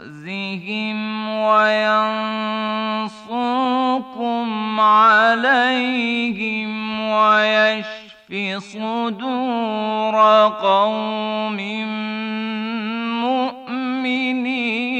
يُخْزِهِمْ وينصركم عليهم ويشف صدور قوم مؤمنين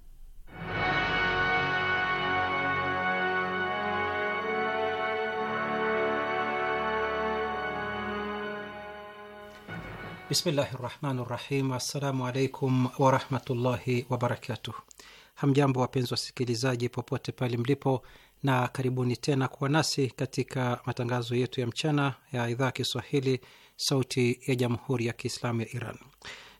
Bismillahi rahmani rahim. Assalamu alaikum warahmatullahi wabarakatuh. Hamjambo wapenzi wasikilizaji, popote pale mlipo, na karibuni tena kuwa nasi katika matangazo yetu ya mchana ya idhaa ya Kiswahili, Sauti ya Jamhuri ya Kiislamu ya Iran.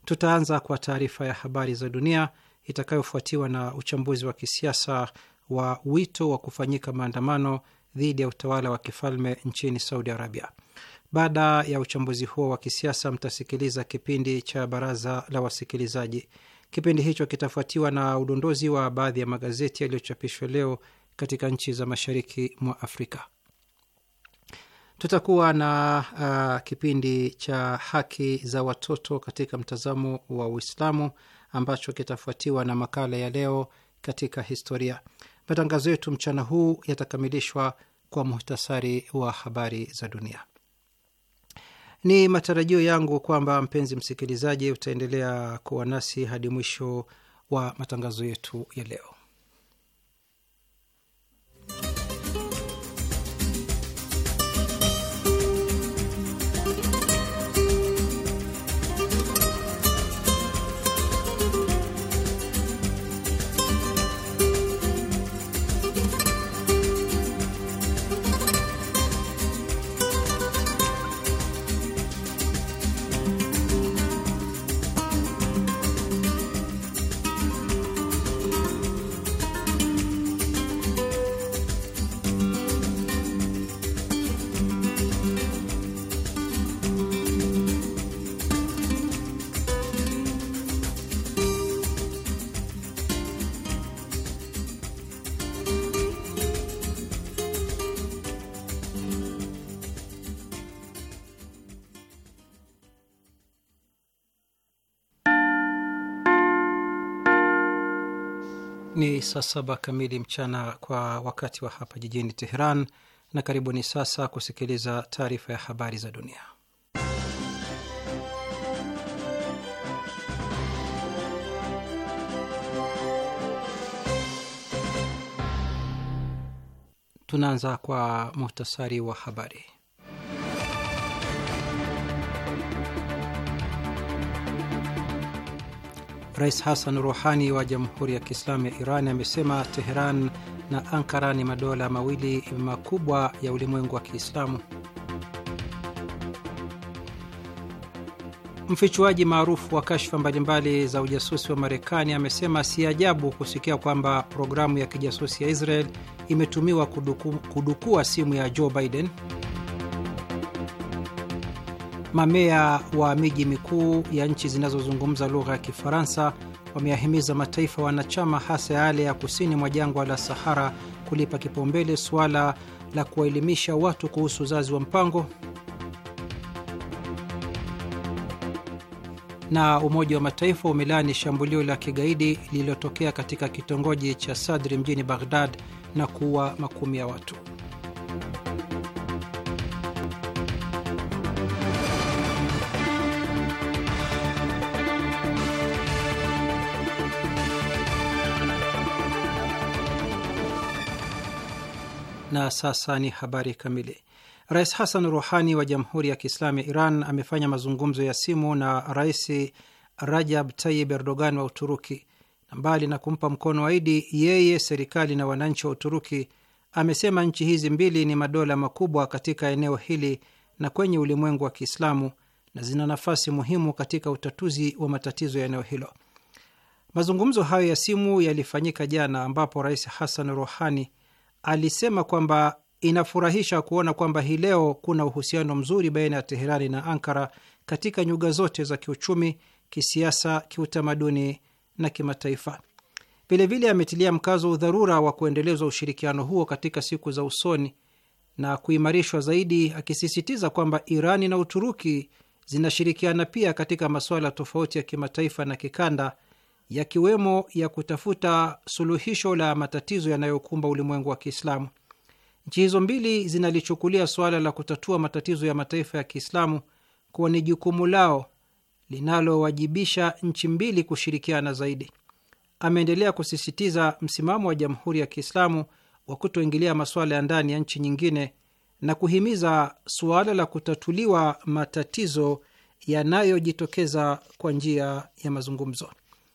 Tutaanza kwa taarifa ya habari za dunia itakayofuatiwa na uchambuzi wa kisiasa wa wito wa kufanyika maandamano dhidi ya utawala wa kifalme nchini Saudi Arabia. Baada ya uchambuzi huo wa kisiasa, mtasikiliza kipindi cha baraza la wasikilizaji. Kipindi hicho kitafuatiwa na udondozi wa baadhi ya magazeti yaliyochapishwa leo katika nchi za mashariki mwa Afrika. Tutakuwa na uh, kipindi cha haki za watoto katika mtazamo wa Uislamu ambacho kitafuatiwa na makala ya leo katika historia. Matangazo yetu mchana huu yatakamilishwa kwa muhtasari wa habari za dunia. Ni matarajio yangu kwamba mpenzi msikilizaji, utaendelea kuwa nasi hadi mwisho wa matangazo yetu ya leo. saa saba kamili mchana kwa wakati wa hapa jijini Teheran, na karibuni sasa kusikiliza taarifa ya habari za dunia. Tunaanza kwa muhtasari wa habari. Rais Hassan Rouhani wa Jamhuri ya Kiislamu ya Iran amesema Teheran na Ankara ni madola mawili makubwa ya ulimwengu wa Kiislamu. Mfichuaji maarufu wa kashfa mbalimbali za ujasusi wa Marekani amesema si ajabu kusikia kwamba programu ya kijasusi ya Israel imetumiwa kuduku, kudukua simu ya Joe Biden mamea wa miji mikuu ya nchi zinazozungumza lugha ya Kifaransa wameyahimiza mataifa wanachama, hasa yale ya kusini mwa jangwa la Sahara, kulipa kipaumbele suala la kuwaelimisha watu kuhusu uzazi wa mpango. Na Umoja wa Mataifa umelaani shambulio la kigaidi lililotokea katika kitongoji cha Sadri mjini Baghdad na kuua makumi ya watu. Na sasa ni habari kamili. Rais Hassan Ruhani wa Jamhuri ya Kiislamu ya Iran amefanya mazungumzo ya simu na Rais Rajab Tayyip Erdogan wa Uturuki, na mbali na kumpa mkono waidi yeye, serikali na wananchi wa Uturuki, amesema nchi hizi mbili ni madola makubwa katika eneo hili na kwenye ulimwengu wa Kiislamu na zina nafasi muhimu katika utatuzi wa matatizo ya eneo hilo. Mazungumzo hayo ya simu yalifanyika jana, ambapo Rais Hassan Ruhani alisema kwamba inafurahisha kuona kwamba hii leo kuna uhusiano mzuri baina ya Teherani na Ankara katika nyuga zote za kiuchumi, kisiasa, kiutamaduni na kimataifa. Vilevile ametilia mkazo udharura wa kuendelezwa ushirikiano huo katika siku za usoni na kuimarishwa zaidi, akisisitiza kwamba Irani na Uturuki zinashirikiana pia katika masuala tofauti ya kimataifa na kikanda yakiwemo ya kutafuta suluhisho la matatizo yanayokumba ulimwengu wa Kiislamu. Nchi hizo mbili zinalichukulia suala la kutatua matatizo ya mataifa ya Kiislamu kuwa ni jukumu lao linalowajibisha nchi mbili kushirikiana zaidi. Ameendelea kusisitiza msimamo wa Jamhuri ya Kiislamu wa kutoingilia masuala ya ndani ya nchi nyingine na kuhimiza suala la kutatuliwa matatizo yanayojitokeza kwa njia ya mazungumzo.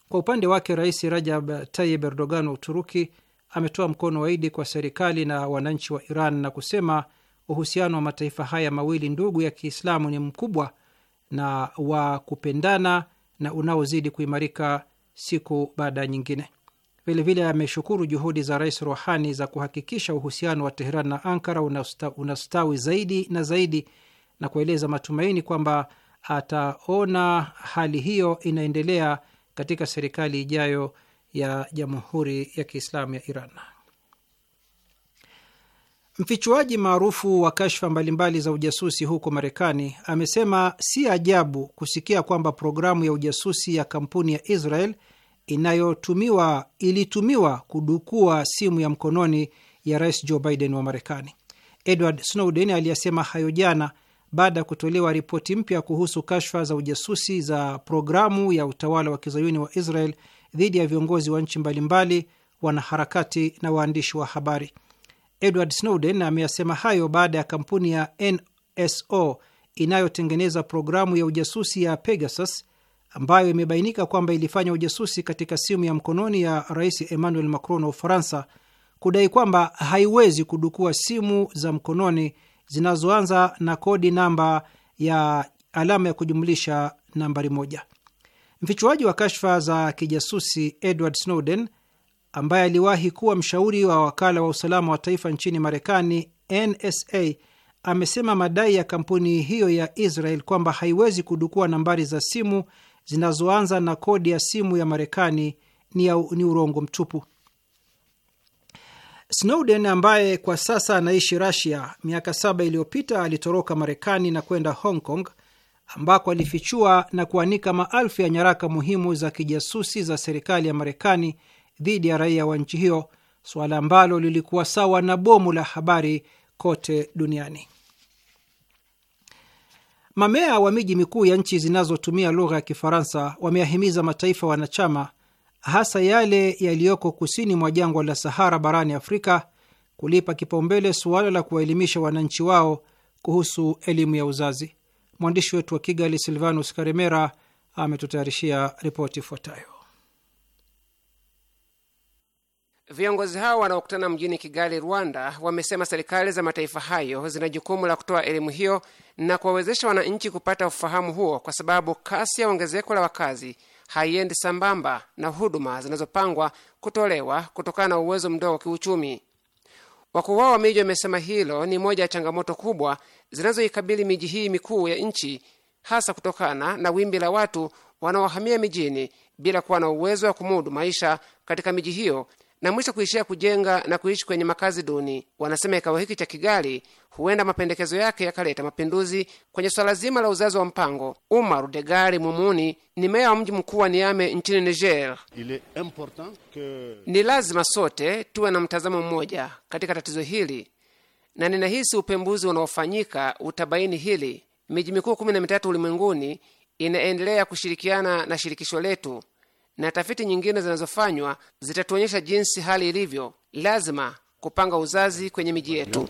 Kwa upande wake, Rais Rajab Tayib Erdogan wa Uturuki ametoa mkono waidi kwa serikali na wananchi wa Iran na kusema uhusiano wa mataifa haya mawili ndugu ya Kiislamu ni mkubwa na wa kupendana na unaozidi kuimarika siku baada ya nyingine. Vilevile ameshukuru juhudi za Rais Rohani za kuhakikisha uhusiano wa Teheran na Ankara unastawi zaidi na zaidi na kueleza matumaini kwamba ataona hali hiyo inaendelea katika serikali ijayo ya Jamhuri ya Kiislamu ya Iran. Mfichuaji maarufu wa kashfa mbalimbali za ujasusi huko Marekani amesema si ajabu kusikia kwamba programu ya ujasusi ya kampuni ya Israel inayotumiwa ilitumiwa kudukua simu ya mkononi ya Rais Joe Biden wa Marekani. Edward Snowden aliyasema hayo jana baada ya kutolewa ripoti mpya kuhusu kashfa za ujasusi za programu ya utawala wa kizayuni wa Israel dhidi ya viongozi wa nchi mbalimbali, wanaharakati na waandishi wa habari. Edward Snowden ameyasema hayo baada ya kampuni ya NSO inayotengeneza programu ya ujasusi ya Pegasus ambayo imebainika kwamba ilifanya ujasusi katika simu ya mkononi ya Rais Emmanuel Macron wa Ufaransa kudai kwamba haiwezi kudukua simu za mkononi zinazoanza na kodi namba ya alama ya kujumlisha nambari moja. Mfichuaji wa kashfa za kijasusi Edward Snowden ambaye aliwahi kuwa mshauri wa wakala wa usalama wa taifa nchini Marekani, NSA, amesema madai ya kampuni hiyo ya Israel kwamba haiwezi kudukua nambari za simu zinazoanza na kodi ya simu ya Marekani ni, ni urongo mtupu. Snowden ambaye kwa sasa anaishi rasia miaka saba iliyopita alitoroka Marekani na kwenda Hong Kong ambako alifichua na kuanika maelfu ya nyaraka muhimu za kijasusi za serikali ya Marekani dhidi ya raia wa nchi hiyo, suala ambalo lilikuwa sawa na bomu la habari kote duniani. Mamea wa miji mikuu ya nchi zinazotumia lugha ya Kifaransa wameahimiza mataifa wanachama hasa yale yaliyoko kusini mwa jangwa la Sahara barani Afrika kulipa kipaumbele suala la kuwaelimisha wananchi wao kuhusu elimu ya uzazi. Mwandishi wetu wa Kigali, Silvanus Karemera, ametutayarishia ripoti ifuatayo. Viongozi hao wanaokutana mjini Kigali, Rwanda, wamesema serikali za mataifa hayo zina jukumu la kutoa elimu hiyo na kuwawezesha wananchi kupata ufahamu huo, kwa sababu kasi ya ongezeko la wakazi haiendi sambamba na huduma zinazopangwa kutolewa kutokana na uwezo mdogo wa kiuchumi. Wakuu wao wa miji wamesema hilo ni moja ya changamoto kubwa zinazoikabili miji hii mikuu ya nchi, hasa kutokana na wimbi la watu wanaohamia mijini bila kuwa na uwezo wa kumudu maisha katika miji hiyo na mwisho kuishia kujenga na kuishi kwenye makazi duni. Wanasema kikao hiki cha Kigali huenda mapendekezo yake yakaleta mapinduzi kwenye swala zima la uzazi wa mpango. Umar Degari Mumuni ni meya wa mji mkuu wa Niame nchini Niger. que... ni lazima sote tuwe na mtazamo mmoja katika tatizo hili, na ninahisi upembuzi unaofanyika utabaini hili. Miji mikuu kumi na mitatu ulimwenguni inaendelea kushirikiana na shirikisho letu na tafiti nyingine zinazofanywa zitatuonyesha jinsi hali ilivyo. Lazima kupanga uzazi kwenye miji yetu.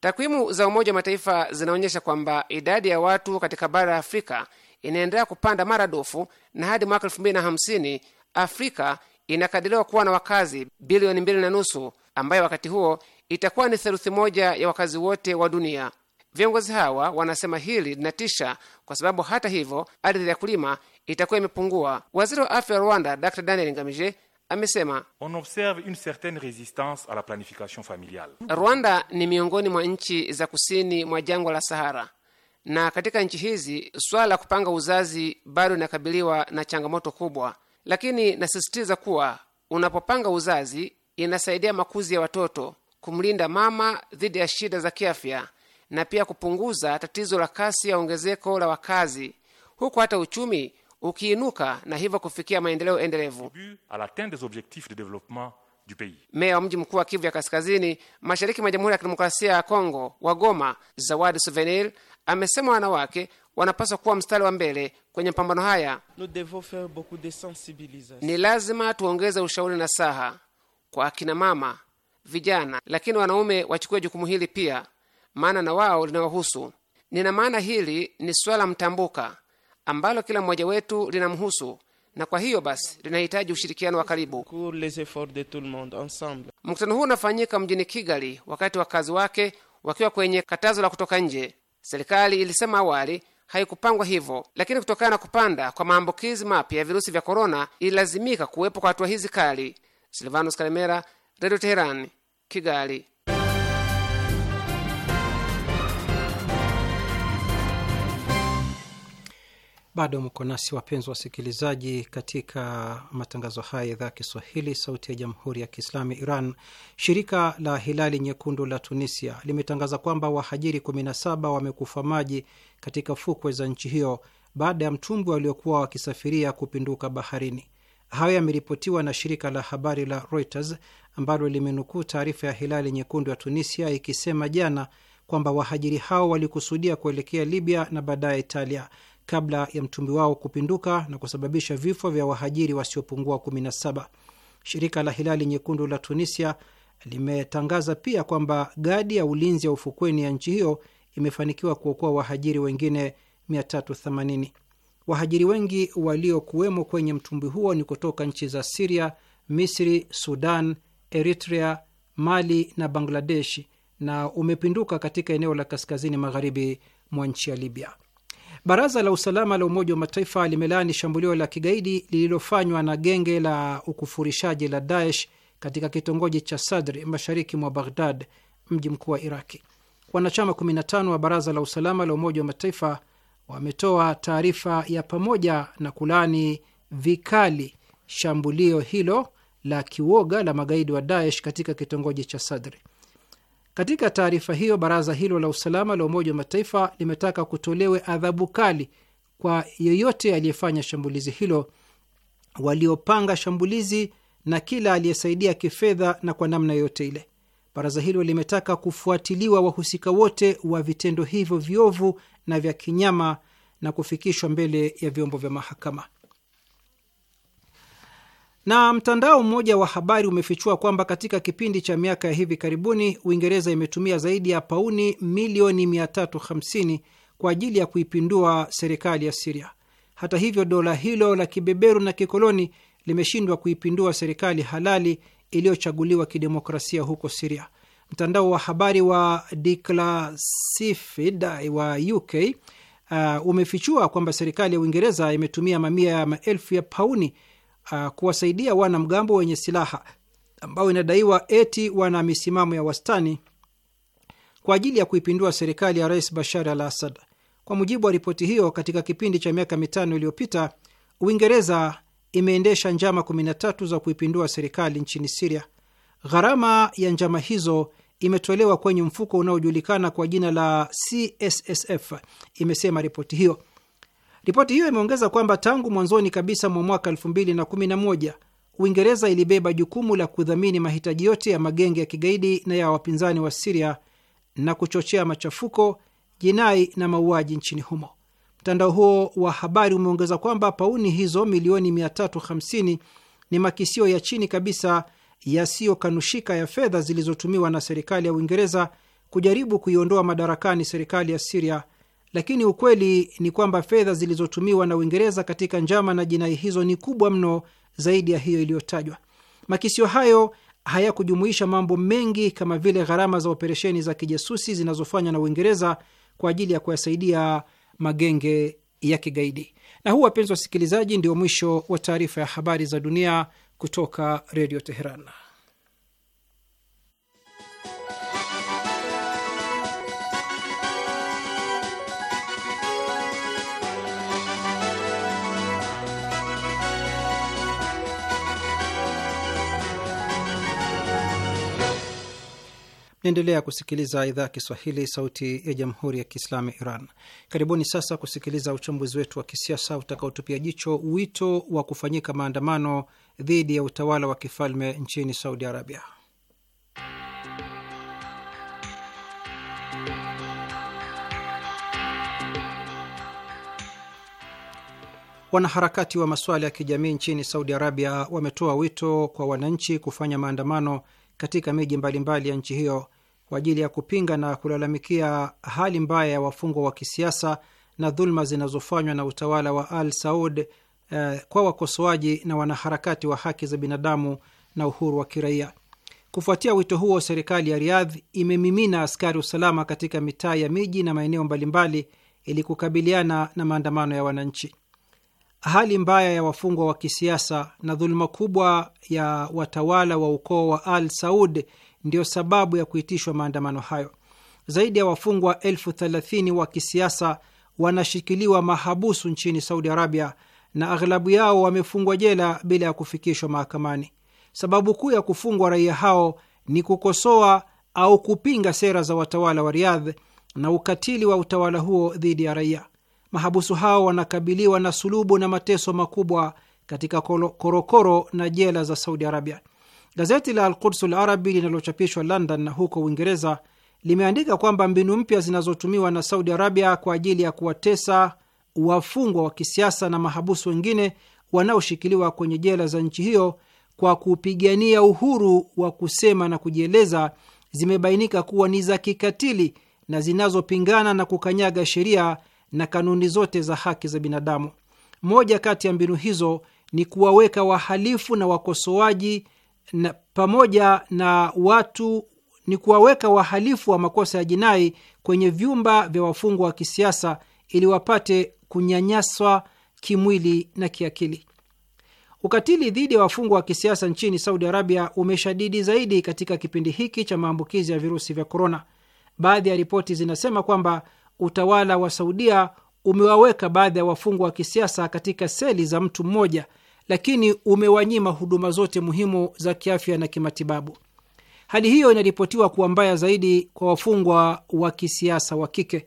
Takwimu za Umoja wa Mataifa zinaonyesha kwamba idadi ya watu katika bara la Afrika inaendelea kupanda maradufu na hadi mwaka elfu mbili na hamsini Afrika inakadiriwa kuwa na wakazi bilioni mbili na nusu ambayo wakati huo itakuwa ni theluthi moja ya wakazi wote wa dunia. Viongozi hawa wanasema hili linatisha, kwa sababu hata hivyo ardhi ya kulima itakuwa imepungua. Waziri wa afya wa Rwanda Dr Daniel Ngamije amesema On observe une certaine resistance a la planification familiale. Rwanda ni miongoni mwa nchi za kusini mwa jangwa la Sahara, na katika nchi hizi swala la kupanga uzazi bado inakabiliwa na changamoto kubwa, lakini nasisitiza kuwa unapopanga uzazi inasaidia makuzi ya watoto, kumlinda mama dhidi ya shida za kiafya na pia kupunguza tatizo la kasi ya ongezeko la wakazi, huku hata uchumi ukiinuka na hivyo kufikia maendeleo endelevu. Meya wa mji mkuu wa Kivu ya Kaskazini, mashariki mwa Jamhuri ya Kidemokrasia ya Kongo wa Goma, Zawadi Souvenir, amesema wanawake wanapaswa kuwa mstari wa mbele kwenye mapambano haya. Ni lazima tuongeze ushauri na saha kwa akina mama, vijana, lakini wanaume wachukue jukumu hili pia, maana na wao linawahusu. Nina maana hili ni swala mtambuka ambalo kila mmoja wetu linamhusu na kwa hiyo basi linahitaji ushirikiano wa karibu. Mkutano huu unafanyika mjini Kigali, wakati wakazi wake wakiwa kwenye katazo la kutoka nje. Serikali ilisema awali haikupangwa hivyo, lakini kutokana na kupanda kwa maambukizi mapya ya virusi vya korona ililazimika kuwepo kwa hatua hizi kali. Silvanus Kalemera, Redio Teherani, Kigali. Bado mko nasi wapenzi wasikilizaji, katika matangazo haya ya idhaa ya Kiswahili, sauti ya jamhuri ya kiislami Iran. Shirika la Hilali Nyekundu la Tunisia limetangaza kwamba wahajiri 17 wamekufa maji katika fukwe za nchi hiyo baada ya mtumbwi waliokuwa wakisafiria kupinduka baharini. Hayo yameripotiwa na shirika la habari la Reuters ambalo limenukuu taarifa ya Hilali Nyekundu ya Tunisia ikisema jana kwamba wahajiri hao walikusudia kuelekea Libya na baadaye Italia kabla ya mtumbi wao kupinduka na kusababisha vifo vya wahajiri wasiopungua 17. Shirika la Hilali Nyekundu la Tunisia limetangaza pia kwamba gadi ya ulinzi ya ufukweni ya nchi hiyo imefanikiwa kuokoa wahajiri wengine 380. Wahajiri wengi waliokuwemo kwenye mtumbwi huo ni kutoka nchi za Siria, Misri, Sudan, Eritrea, Mali na Bangladeshi, na umepinduka katika eneo la kaskazini magharibi mwa nchi ya Libya. Baraza la usalama la Umoja wa Mataifa limelaani shambulio la kigaidi lililofanywa na genge la ukufurishaji la Daesh katika kitongoji cha Sadri mashariki mwa Baghdad, mji mkuu wa Iraki. Wanachama 15 wa Baraza la Usalama la Umoja wa Mataifa wametoa taarifa ya pamoja na kulaani vikali shambulio hilo la kiwoga la magaidi wa Daesh katika kitongoji cha Sadri. Katika taarifa hiyo, baraza hilo la usalama la Umoja wa Mataifa limetaka kutolewe adhabu kali kwa yeyote aliyefanya shambulizi hilo, waliopanga shambulizi na kila aliyesaidia kifedha na kwa namna yoyote ile. Baraza hilo limetaka kufuatiliwa wahusika wote wa vitendo hivyo viovu na vya kinyama na kufikishwa mbele ya vyombo vya mahakama. Na mtandao mmoja wa habari umefichua kwamba katika kipindi cha miaka ya hivi karibuni Uingereza imetumia zaidi ya pauni milioni 350 kwa ajili ya kuipindua serikali ya Siria. Hata hivyo, dola hilo la kibeberu na kikoloni limeshindwa kuipindua serikali halali iliyochaguliwa kidemokrasia huko Siria. Mtandao wa habari wa Declassified wa UK uh, umefichua kwamba serikali ya Uingereza imetumia mamia ya maelfu ya pauni uh, kuwasaidia wanamgambo wenye silaha ambao inadaiwa eti wana misimamo ya wastani kwa ajili ya kuipindua serikali ya Rais Bashar al Assad. Kwa mujibu wa ripoti hiyo, katika kipindi cha miaka mitano iliyopita, Uingereza imeendesha njama 13 za kuipindua serikali nchini Siria. Gharama ya njama hizo imetolewa kwenye mfuko unaojulikana kwa jina la CSSF, imesema ripoti hiyo. Ripoti hiyo imeongeza kwamba tangu mwanzoni kabisa mwa mwaka 2011 Uingereza ilibeba jukumu la kudhamini mahitaji yote ya magenge ya kigaidi na ya wapinzani wa Siria na kuchochea machafuko, jinai na mauaji nchini humo. Mtandao huo wa habari umeongeza kwamba pauni hizo milioni 350 ni makisio ya chini kabisa yasiyokanushika ya fedha zilizotumiwa na serikali ya Uingereza kujaribu kuiondoa madarakani serikali ya Siria lakini ukweli ni kwamba fedha zilizotumiwa na Uingereza katika njama na jinai hizo ni kubwa mno zaidi ya hiyo iliyotajwa. Makisio hayo hayakujumuisha mambo mengi kama vile gharama za operesheni za kijasusi zinazofanywa na Uingereza kwa ajili ya kuyasaidia magenge ya kigaidi. Na huu, wapenzi wasikilizaji, ndio mwisho wa taarifa ya habari za dunia kutoka Redio Teheran. Naendelea kusikiliza idhaa Kiswahili, sauti ya jamhuri ya kiislamu ya Iran. Karibuni sasa kusikiliza uchambuzi wetu wa kisiasa utakaotupia jicho wito wa kufanyika maandamano dhidi ya utawala wa kifalme nchini Saudi Arabia. Wanaharakati wa masuala ya kijamii nchini Saudi Arabia wametoa wito kwa wananchi kufanya maandamano katika miji mbalimbali ya nchi hiyo kwa ajili ya kupinga na kulalamikia hali mbaya ya wafungwa wa kisiasa na dhuluma zinazofanywa na utawala wa Al Saud eh, kwa wakosoaji na wanaharakati wa haki za binadamu na uhuru wa kiraia. Kufuatia wito huo, serikali ya Riyadh imemimina askari usalama katika mitaa ya miji na maeneo mbalimbali ili kukabiliana na maandamano ya wananchi. Hali mbaya ya wafungwa wa kisiasa na dhuluma kubwa ya watawala wa ukoo wa Al Saud ndiyo sababu ya kuitishwa maandamano hayo. Zaidi ya wafungwa elfu thelathini wa kisiasa wanashikiliwa mahabusu nchini Saudi Arabia na aghlabu yao wamefungwa jela bila ya kufikishwa mahakamani. Sababu kuu ya kufungwa raia hao ni kukosoa au kupinga sera za watawala wa Riyadh na ukatili wa utawala huo dhidi ya raia. Mahabusu hao wanakabiliwa na sulubu na mateso makubwa katika korokoro na jela za Saudi Arabia. Gazeti la Alquds Al Arabi linalochapishwa London huko Uingereza limeandika kwamba mbinu mpya zinazotumiwa na Saudi Arabia kwa ajili ya kuwatesa wafungwa wa kisiasa na mahabusu wengine wanaoshikiliwa kwenye jela za nchi hiyo kwa kupigania uhuru wa kusema na kujieleza zimebainika kuwa ni za kikatili na zinazopingana na kukanyaga sheria na kanuni zote za haki za binadamu. Moja kati ya mbinu hizo ni kuwaweka wahalifu na wakosoaji na pamoja na watu ni kuwaweka wahalifu wa makosa ya jinai kwenye vyumba vya wafungwa wa kisiasa ili wapate kunyanyaswa kimwili na kiakili. Ukatili dhidi ya wafungwa wa kisiasa nchini Saudi Arabia umeshadidi zaidi katika kipindi hiki cha maambukizi ya virusi vya korona. Baadhi ya ripoti zinasema kwamba utawala wa Saudia umewaweka baadhi ya wafungwa wa kisiasa katika seli za mtu mmoja lakini umewanyima huduma zote muhimu za kiafya na kimatibabu. Hali hiyo inaripotiwa kuwa mbaya zaidi kwa wafungwa wa kisiasa wa kike.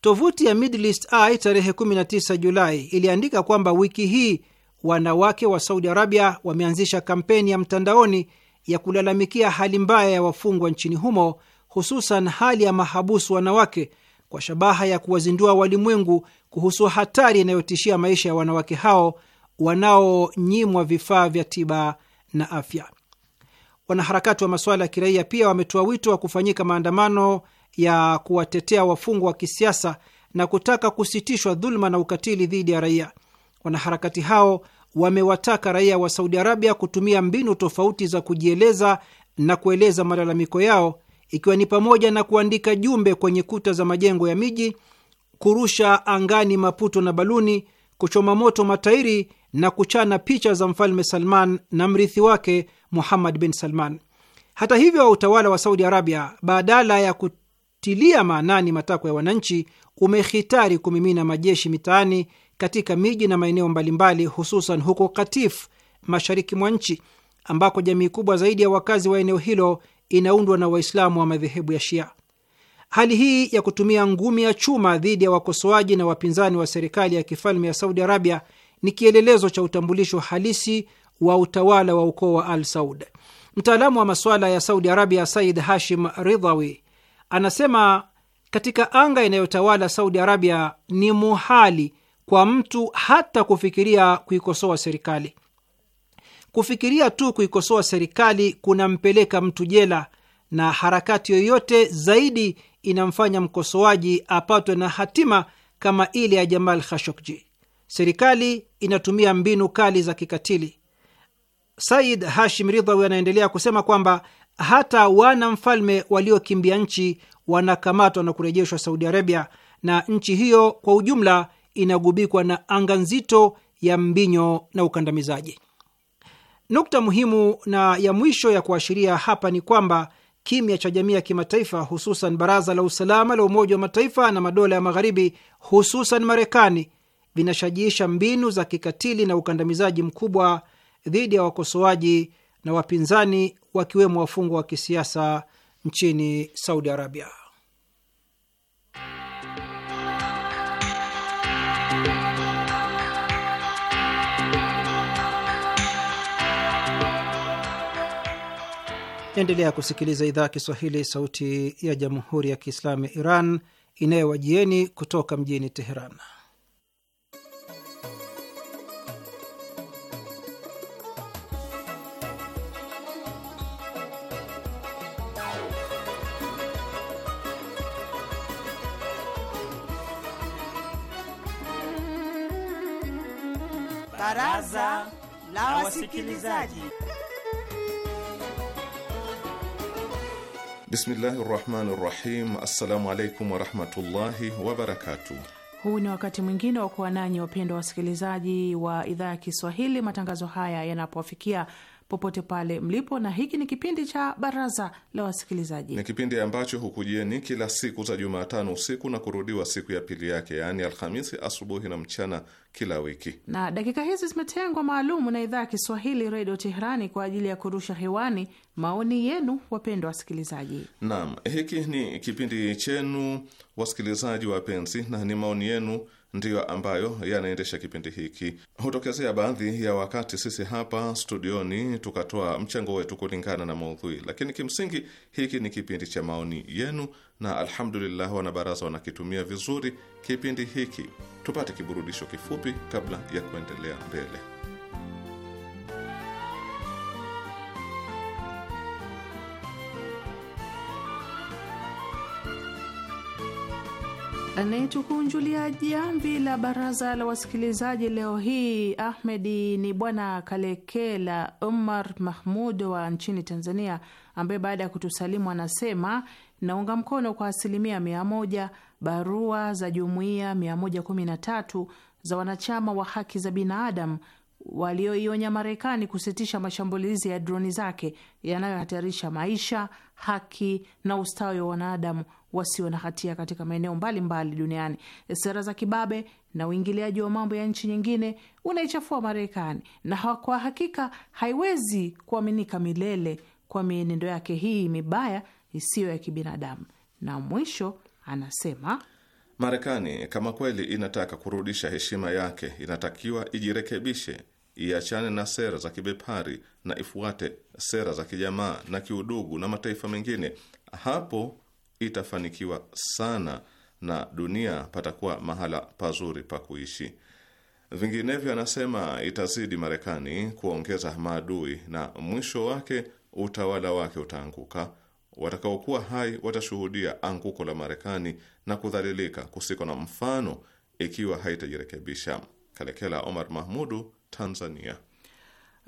Tovuti ya Middle East Eye tarehe 19 Julai iliandika kwamba wiki hii wanawake wa Saudi Arabia wameanzisha kampeni ya mtandaoni ya kulalamikia hali mbaya ya wafungwa nchini humo, hususan hali ya mahabusu wanawake, kwa shabaha ya kuwazindua walimwengu kuhusu hatari inayotishia maisha ya wanawake hao wanaonyimwa vifaa vya tiba na afya. Wanaharakati wa masuala ya kiraia pia wametoa wito wa kufanyika maandamano ya kuwatetea wafungwa wa kisiasa na kutaka kusitishwa dhuluma na ukatili dhidi ya raia. Wanaharakati hao wamewataka raia wa Saudi Arabia kutumia mbinu tofauti za kujieleza na kueleza malalamiko yao, ikiwa ni pamoja na kuandika jumbe kwenye kuta za majengo ya miji, kurusha angani maputo na baluni, kuchoma moto matairi na kuchana picha za mfalme Salman na mrithi wake Muhammad bin Salman. Hata hivyo, utawala wa Saudi Arabia badala ya kutilia maanani matakwa ya wananchi umehitari kumimina majeshi mitaani katika miji na maeneo mbalimbali, hususan huko Katif, mashariki mwa nchi, ambako jamii kubwa zaidi ya wakazi wa eneo hilo inaundwa na Waislamu wa madhehebu ya Shia. Hali hii ya kutumia ngumi ya chuma dhidi ya wakosoaji na wapinzani wa serikali ya kifalme ya Saudi Arabia ni kielelezo cha utambulisho halisi wa utawala wa ukoo wa Al Saud. Mtaalamu wa masuala ya Saudi Arabia Said Hashim Ridhawi anasema katika anga inayotawala Saudi Arabia ni muhali kwa mtu hata kufikiria kuikosoa serikali. Kufikiria tu kuikosoa serikali kunampeleka mtu jela, na harakati yoyote zaidi inamfanya mkosoaji apatwe na hatima kama ile ya Jamal Khashoggi serikali inatumia mbinu kali za kikatili. Said Hashim Ridhawi anaendelea kusema kwamba hata wana mfalme waliokimbia nchi wanakamatwa na kurejeshwa Saudi Arabia, na nchi hiyo kwa ujumla inagubikwa na anga nzito ya mbinyo na ukandamizaji. Nukta muhimu na ya mwisho ya kuashiria hapa ni kwamba kimya cha jamii ya kimataifa, hususan Baraza la Usalama la Umoja wa Mataifa na madola ya Magharibi, hususan Marekani vinashajiisha mbinu za kikatili na ukandamizaji mkubwa dhidi ya wakosoaji na wapinzani wakiwemo wafungwa wa kisiasa nchini Saudi Arabia. Naendelea kusikiliza idhaa ya Kiswahili, sauti ya jamhuri ya kiislamu ya Iran inayowajieni kutoka mjini Teheran. Baraza la Wasikilizaji. Bismillahi rahmani rahim. Assalamu alaikum warahmatullahi wabarakatuh. Huu ni wakati mwingine wa kuwa nanyi wapendwa wasikilizaji wa idhaa ya Kiswahili, matangazo haya yanapowafikia popote pale mlipo, na hiki ni kipindi cha Baraza la Wasikilizaji. Ni kipindi ambacho hukujieni kila siku za Jumatano usiku na kurudiwa siku ya pili yake, yaani Alhamisi asubuhi na mchana kila wiki, na dakika hizi zimetengwa maalumu na idhaa ya Kiswahili Redio Teherani kwa ajili ya kurusha hewani maoni yenu, wapendwa wasikilizaji. Naam, hiki ni kipindi chenu wasikilizaji wapenzi, na ni maoni yenu ndiyo ambayo yanaendesha kipindi hiki. Hutokezea baadhi ya wakati sisi hapa studioni tukatoa mchango wetu kulingana na maudhui, lakini kimsingi hiki ni kipindi cha maoni yenu, na alhamdulillah, wanabaraza wanakitumia vizuri kipindi hiki. Tupate kiburudisho kifupi kabla ya kuendelea mbele. Anayetukunjulia jamvi la baraza la wasikilizaji leo hii Ahmedi ni Bwana Kalekela Omar Mahmud wa nchini Tanzania, ambaye baada ya kutusalimu anasema naunga mkono kwa asilimia mia moja barua za jumuiya 113 za wanachama wa haki za binadamu walioionya Marekani kusitisha mashambulizi ya droni zake yanayohatarisha maisha, haki na ustawi wa wanadamu wasio na hatia katika maeneo mbalimbali duniani. Sera za kibabe na uingiliaji wa mambo ya nchi nyingine unaichafua Marekani na kwa hakika haiwezi kuaminika milele kwa mienendo yake hii mibaya isiyo ya kibinadamu. Na mwisho anasema Marekani kama kweli inataka kurudisha heshima yake, inatakiwa ijirekebishe, iachane na sera za kibepari na ifuate sera za kijamaa na kiudugu na mataifa mengine. Hapo itafanikiwa sana na dunia patakuwa mahala pazuri pa kuishi. Vinginevyo, anasema itazidi Marekani kuongeza maadui na mwisho wake utawala wake utaanguka. Watakaokuwa hai watashuhudia anguko la Marekani na kudhalilika kusiko na mfano ikiwa haitajirekebisha. Kalekela Omar Mahmudu, Tanzania.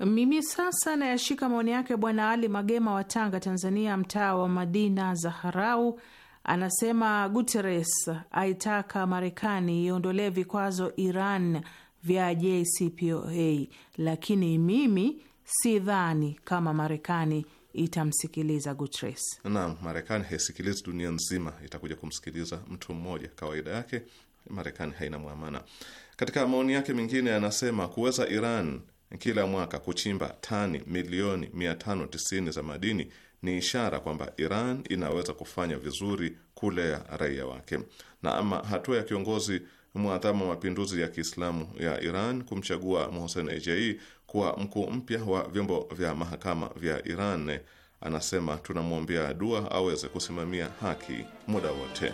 Mimi sasa nayashika maoni yake Bwana Ali Magema wa Tanga, Tanzania, mtaa wa Madina Zaharau. Anasema Guteres aitaka Marekani iondolee vikwazo Iran vya JCPOA, lakini mimi si dhani kama Marekani itamsikiliza Guterres. Naam, Marekani haisikilizi dunia nzima, itakuja kumsikiliza mtu mmoja. Kawaida yake Marekani haina mwamana. Katika maoni yake mengine, anasema kuweza Iran kila mwaka kuchimba tani milioni 590 za madini ni ishara kwamba Iran inaweza kufanya vizuri kulea raia wake. Na ama hatua ya kiongozi mwadhamu wa mapinduzi ya Kiislamu ya Iran kumchagua Mohsen Ejei kuwa mkuu mpya wa vyombo vya mahakama vya Iran, anasema tunamwombea dua aweze kusimamia haki muda wote.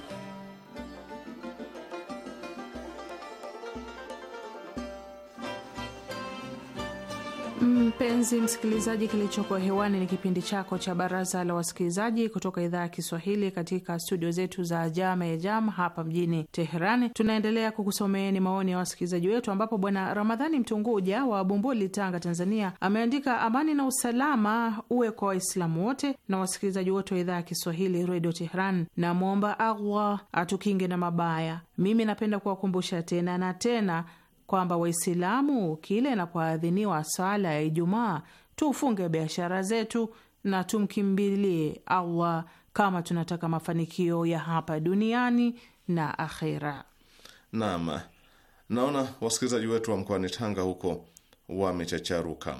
Mpenzi msikilizaji, kilichoko hewani ni kipindi chako cha Baraza la Wasikilizaji kutoka idhaa ya Kiswahili katika studio zetu za Jame ya Jam hapa mjini Teherani. Tunaendelea kukusomeeni maoni ya wasikilizaji wetu, ambapo Bwana Ramadhani Mtunguja wa Bumbuli, Tanga, Tanzania, ameandika amani na usalama uwe kwa Waislamu wote na wasikilizaji wote wa idhaa ya Kiswahili Redio Teheran. Namwomba Allah atukinge na mabaya. Mimi napenda kuwakumbusha tena na tena kwamba Waislamu kile inapoadhiniwa swala ya Ijumaa tufunge biashara zetu na tumkimbilie Allah kama tunataka mafanikio ya hapa duniani na akhira. Naam, naona wasikilizaji wetu wa mkoani Tanga huko wamechacharuka.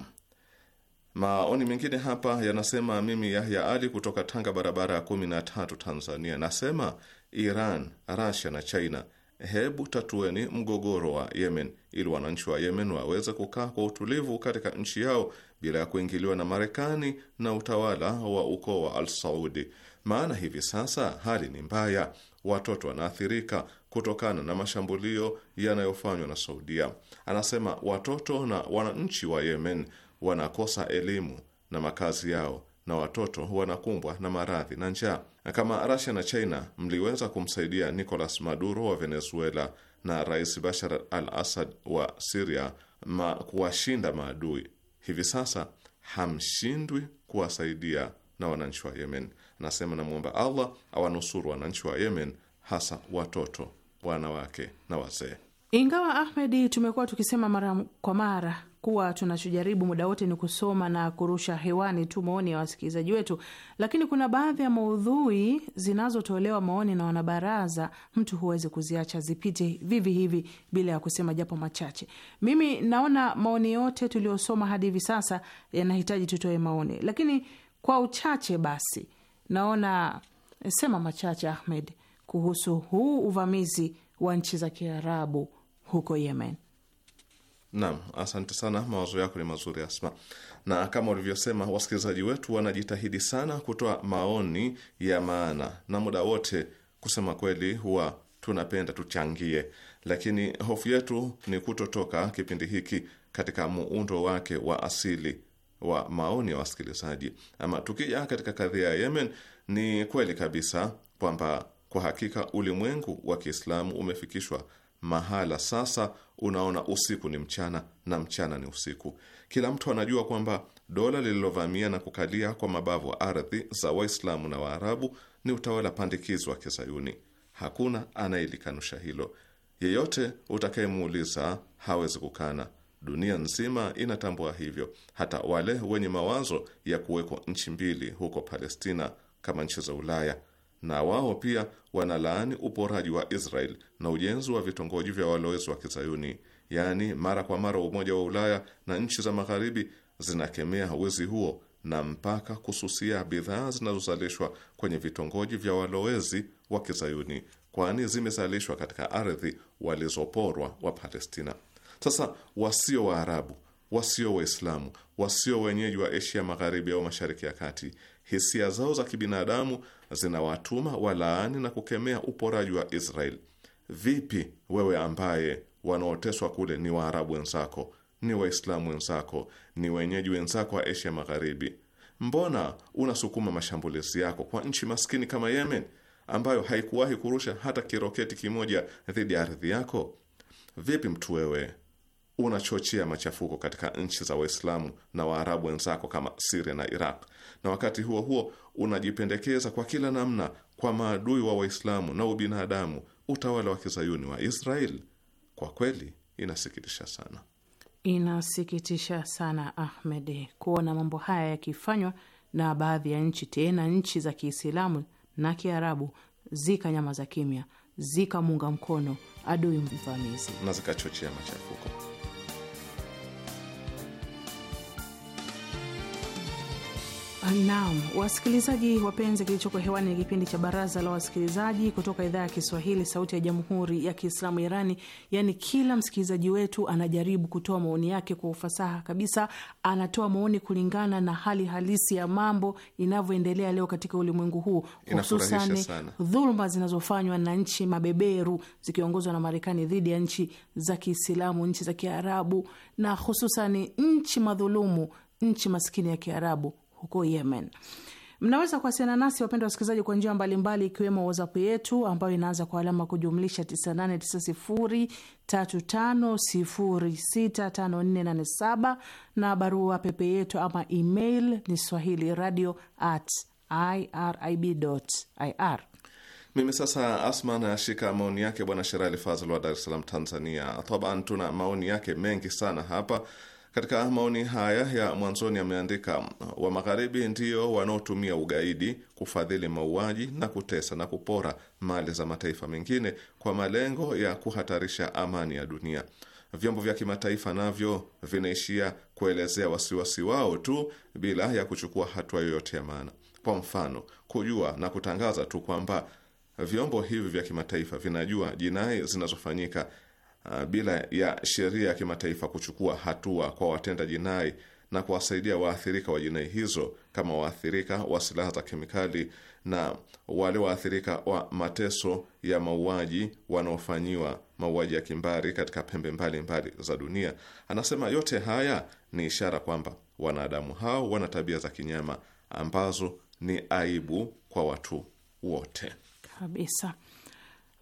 Maoni mengine hapa yanasema, mimi Yahya Ali kutoka Tanga, barabara ya kumi na tatu, Tanzania, nasema Iran, rasia na China hebu tatueni mgogoro wa Yemen ili wananchi wa Yemen waweze kukaa kwa utulivu katika nchi yao bila ya kuingiliwa na Marekani na utawala wa ukoo wa Al Saudi, maana hivi sasa hali ni mbaya. Watoto wanaathirika kutokana na mashambulio yanayofanywa na Saudia. Anasema watoto na wananchi wa Yemen wanakosa elimu na makazi yao, na watoto wanakumbwa na maradhi na njaa na kama Russia na China mliweza kumsaidia Nicolas Maduro wa Venezuela na Rais Bashar al-Assad wa Syria ma kuwashinda maadui, hivi sasa hamshindwi kuwasaidia na wananchi wa Yemen. Anasema, namwomba Allah awanusuru wananchi wa Yemen, hasa watoto, wanawake na wazee. Ingawa Ahmedi, tumekuwa tukisema mara kwa mara kuwa tunachojaribu muda wote ni kusoma na kurusha hewani tu maoni ya wasikilizaji wetu, lakini kuna baadhi ya maudhui zinazotolewa maoni na wanabaraza, mtu huwezi kuziacha zipite vivi hivi bila ya kusema japo machache. Mimi naona maoni yote tuliosoma hadi hivi sasa yanahitaji tutoe maoni, lakini kwa uchache basi naona sema machache, Ahmed, kuhusu huu uvamizi wa nchi za Kiarabu huko Yemen. Naam, asante sana, mawazo yako ni mazuri Asma, na kama ulivyosema, wasikilizaji wetu wanajitahidi sana kutoa maoni ya maana, na muda wote kusema kweli huwa tunapenda tuchangie, lakini hofu yetu ni kutotoka kipindi hiki katika muundo wake wa asili wa maoni ya wasikilizaji. Ama tukija katika kadhia ya Yemen, ni kweli kabisa kwamba kwa hakika ulimwengu wa Kiislamu umefikishwa mahala sasa unaona usiku ni mchana na mchana ni usiku. Kila mtu anajua kwamba dola lililovamia na kukalia kwa mabavu wa ardhi za Waislamu na Waarabu ni utawala pandikizi wa Kizayuni. Hakuna anayelikanusha hilo. Yeyote utakayemuuliza hawezi kukana. Dunia nzima inatambua hivyo, hata wale wenye mawazo ya kuwekwa nchi mbili huko Palestina kama nchi za Ulaya na wao pia wanalaani uporaji wa Israel na ujenzi wa vitongoji vya walowezi wa Kizayuni. Yaani, mara kwa mara Umoja wa Ulaya na nchi za Magharibi zinakemea wizi huo na mpaka kususia bidhaa zinazozalishwa kwenye vitongoji vya walowezi wa Kizayuni, kwani zimezalishwa katika ardhi walizoporwa wa Palestina. Sasa wasio Waarabu, wasio Waislamu, wasio wenyeji wa Asia Magharibi au Mashariki ya Kati hisia zao za kibinadamu zinawatuma walaani na kukemea uporaji wa Israel. Vipi wewe ambaye wanaoteswa kule ni Waarabu wenzako, ni Waislamu wenzako, ni wenyeji wenzako wa Asia Magharibi, mbona unasukuma mashambulizi yako kwa nchi maskini kama Yemen ambayo haikuwahi kurusha hata kiroketi kimoja dhidi ya ardhi yako? Vipi mtu wewe unachochea machafuko katika nchi za Waislamu na Waarabu wenzako kama Siria na Iraq na wakati huo huo unajipendekeza kwa kila namna kwa maadui wa Waislamu na ubinadamu, utawala wa kizayuni wa Israel. Kwa kweli inasikitisha sana, inasikitisha sana Ahmed, kuona mambo haya yakifanywa na baadhi ya nchi, tena nchi za Kiislamu na Kiarabu zika nyama za kimya, zikamunga mkono adui mvamizi na zikachochea machafuko. Naam, wasikilizaji wapenzi, kilichoko hewani ni kipindi cha Baraza la Wasikilizaji kutoka idhaa ya Kiswahili, Sauti ya Jamhuri ya Kiislamu Irani. Yaani kila msikilizaji wetu anajaribu kutoa maoni yake kwa ufasaha kabisa, anatoa maoni kulingana na hali halisi ya mambo inavyoendelea leo katika ulimwengu huu, hususan dhuluma zinazofanywa na nchi mabeberu zikiongozwa na Marekani dhidi ya nchi za Kiislamu, nchi za Kiarabu na hususan nchi madhulumu, nchi maskini ya Kiarabu huko Yemen. Mnaweza kuwasiliana nasi wapendwa wasikilizaji, kwa njia mbalimbali, ikiwemo WhatsApp yetu ambayo inaanza kwa alama kujumlisha 989035065487 na barua pepe yetu ama email ni swahili radio at irib ir. Mimi sasa Asma nayashika maoni yake Bwana Sherali Fazl wa Dar es Salaam, Tanzania. Taban, tuna maoni yake mengi sana hapa katika maoni haya ya mwanzoni ameandika, wa magharibi ndio wanaotumia ugaidi kufadhili mauaji na kutesa na kupora mali za mataifa mengine kwa malengo ya kuhatarisha amani ya dunia. Vyombo vya kimataifa navyo vinaishia kuelezea wasiwasi wao tu bila ya kuchukua hatua yoyote ya maana. Kwa mfano, kujua na kutangaza tu kwamba vyombo hivi vya kimataifa vinajua jinai zinazofanyika Uh, bila ya sheria ya kimataifa kuchukua hatua kwa watenda jinai na kuwasaidia waathirika wa jinai hizo kama waathirika wa silaha za kemikali na wale waathirika wa mateso ya mauaji wanaofanyiwa mauaji ya kimbari katika pembe mbalimbali mbali za dunia. Anasema yote haya ni ishara kwamba wanadamu hao wana tabia za kinyama ambazo ni aibu kwa watu wote kabisa.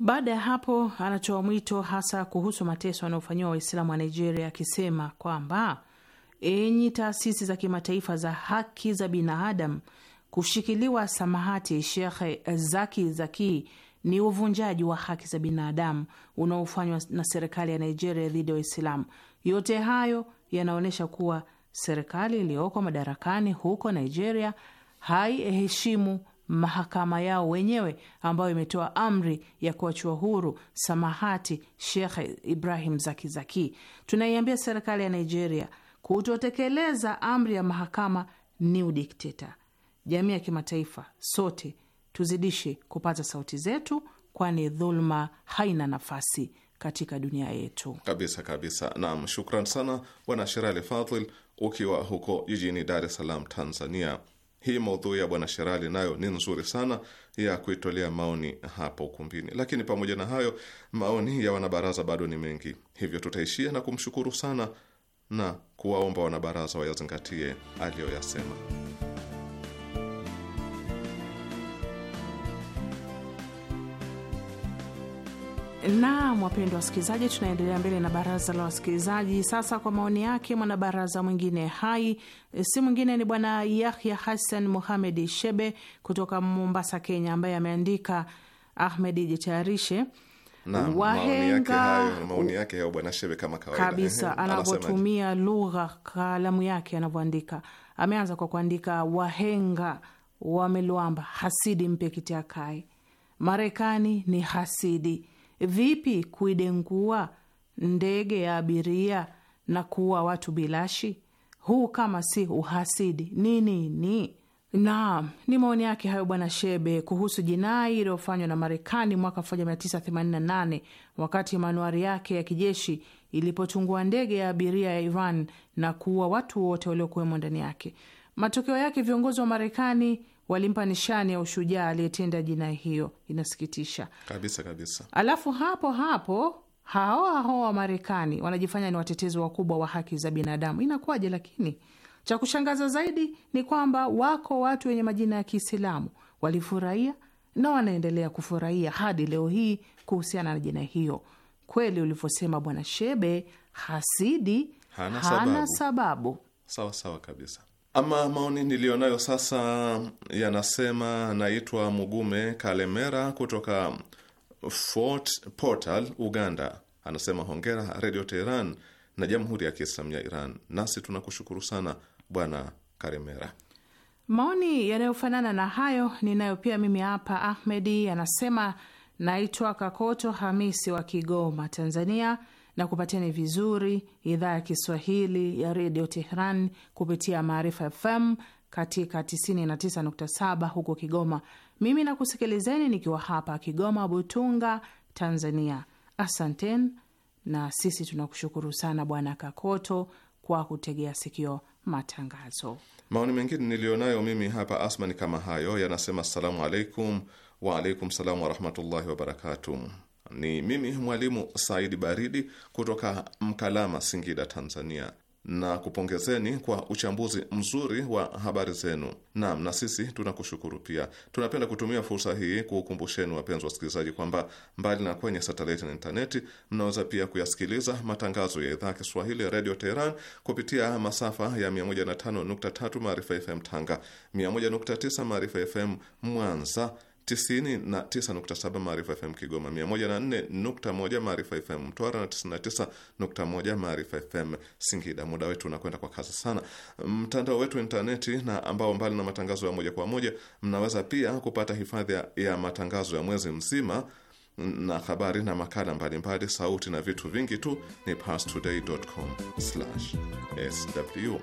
Baada ya hapo, anatoa mwito hasa kuhusu mateso anayofanyiwa Waislamu wa Nigeria, akisema kwamba enyi taasisi za kimataifa za haki za binadamu, kushikiliwa samahati Shekhe Zaki Zaki ni uvunjaji wa haki za binadamu unaofanywa na serikali ya Nigeria dhidi ya Waislamu. Yote hayo yanaonyesha kuwa serikali iliyoko madarakani huko Nigeria haiheshimu mahakama yao wenyewe ambayo imetoa amri ya kuachua huru samahati Shekhe Ibrahim Zakizaki. Tunaiambia serikali ya Nigeria kutotekeleza amri ya mahakama ni udikteta. Jamii ya kimataifa, sote tuzidishe kupata sauti zetu, kwani dhuluma haina nafasi katika dunia yetu kabisa kabisa. Naam, shukran sana Bwana Sherali Fadhil ukiwa huko jijini Dar es Salaam, Tanzania. Hii maudhui ya bwana Sherali nayo ni nzuri sana ya kuitolea maoni hapa ukumbini, lakini pamoja na hayo maoni ya wanabaraza bado ni mengi, hivyo tutaishia na kumshukuru sana na kuwaomba wanabaraza wayazingatie aliyoyasema. Naam, wapendwa wasikilizaji, tunaendelea mbele na baraza la wasikilizaji sasa. Kwa maoni yake mwanabaraza mwingine hai si mwingine ni bwana Yahya Hassan Muhamed Shebe kutoka Mombasa, Kenya, ambaye ameandika Ahmed jitayarishe wahenga maoni yake bwana Shebe kama kawaida kabisa, anavyotumia lugha kalamu yake anavyoandika. Ameanza kwa kuandika wahenga wamelwamba hasidi mpe kitiakai, Marekani ni hasidi Vipi kuidengua ndege ya abiria na kuua watu bilashi? Huu kama si uhasidi ni nini? Ni. Naam, ni maoni yake hayo Bwana Shebe kuhusu jinai iliyofanywa na Marekani mwaka 1988 wakati manuari yake ya kijeshi ilipotungua ndege ya abiria ya Iran na kuua watu wote waliokuwemo ndani yake. Matokeo yake viongozi wa Marekani walimpa nishani ya ushujaa aliyetenda jinai hiyo. Inasikitisha kabisa kabisa. Alafu hapo hapo hao hao wa Marekani wanajifanya ni watetezi wakubwa wa haki za binadamu. Inakuwaje? Lakini cha kushangaza zaidi ni kwamba wako watu wenye majina ya Kiislamu walifurahia na wanaendelea kufurahia hadi leo hii kuhusiana na jina hiyo. Kweli ulivyosema Bwana Shebe, hasidi hana, hana sababu. Sawa sawa kabisa. Ama maoni niliyonayo sasa yanasema, naitwa Mugume Kalemera kutoka Fort Portal, Uganda. Anasema hongera Redio Teheran na Jamhuri ya Kiislamu ya Iran. Nasi tunakushukuru sana Bwana Kalemera. Maoni yanayofanana na hayo ninayo pia mimi hapa. Ahmedi anasema, naitwa Kakoto Hamisi wa Kigoma, Tanzania na kupateni vizuri idhaa ya Kiswahili ya redio Tehran kupitia Maarifa FM katika 99.7 huko Kigoma. Mimi nakusikilizeni nikiwa hapa Kigoma Butunga, Tanzania. Asanteni na sisi tunakushukuru sana Bwana Kakoto kwa kutegea sikio matangazo. Maoni mengine niliyonayo mimi hapa Asma ni kama hayo yanasema, assalamu alaikum. Waalaikum salamu warahmatullahi wabarakatuh. Ni mimi mwalimu Saidi Baridi kutoka Mkalama, Singida, Tanzania, na kupongezeni kwa uchambuzi mzuri wa habari zenu. Naam, na sisi tunakushukuru pia. Tunapenda kutumia fursa hii kuukumbusheni wapenzi wasikilizaji kwamba mbali na kwenye satelaiti na intaneti, mnaweza pia kuyasikiliza matangazo ya idhaa ya Kiswahili Redio Teheran kupitia masafa ya 105.3 Maarifa FM Tanga, 101.9 Maarifa FM Mwanza, 99.7 Maarifa FM Kigoma, 104.1 Maarifa FM Mtwara na 99.1 Maarifa FM Singida. Muda wetu unakwenda kwa kasi sana. Mtandao wetu intaneti, na ambao mbali na matangazo ya moja kwa moja, mnaweza pia kupata hifadhi ya matangazo ya mwezi mzima na habari na makala mbalimbali, sauti na vitu vingi tu, ni pastoday.com/sw